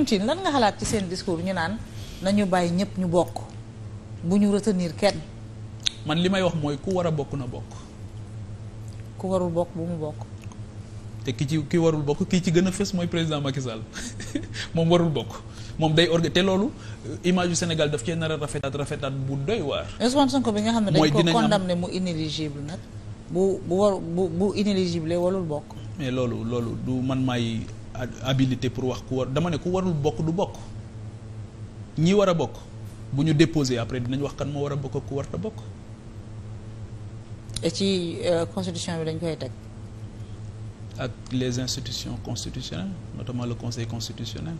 Poutine lan nga xalaat ci seen discours ñu naan nañu bàyyi ñëpp ñu bokk bu ñu retenir kenn. man li may wax mooy ku war a bokk na bokk. ku warul bokk bu mu bokk. te ki ci ki warul bokk kii ci gën a fës mooy président Macky moom warul bokk moom day orga te loolu euh, image yu Sénégal daf cee nar a rafetaat rafetaat bu doy waar. Ousmane Sonko bi nga xam ne dañ ko condamné mu inéligible nag bu bu war bu bu inéligible warul bokk. mais loolu loolu du man maay. abilité pour wax ku war dama ne ku warul bokk du bokk ñi war a bokk bu ñu déposé après dinañ wax kan moo war a bokk ku warta bokk. et ci euh, constitution bi dañ koy teg. ak les institutions constitutionnelles notamment le conseil constitutionnel.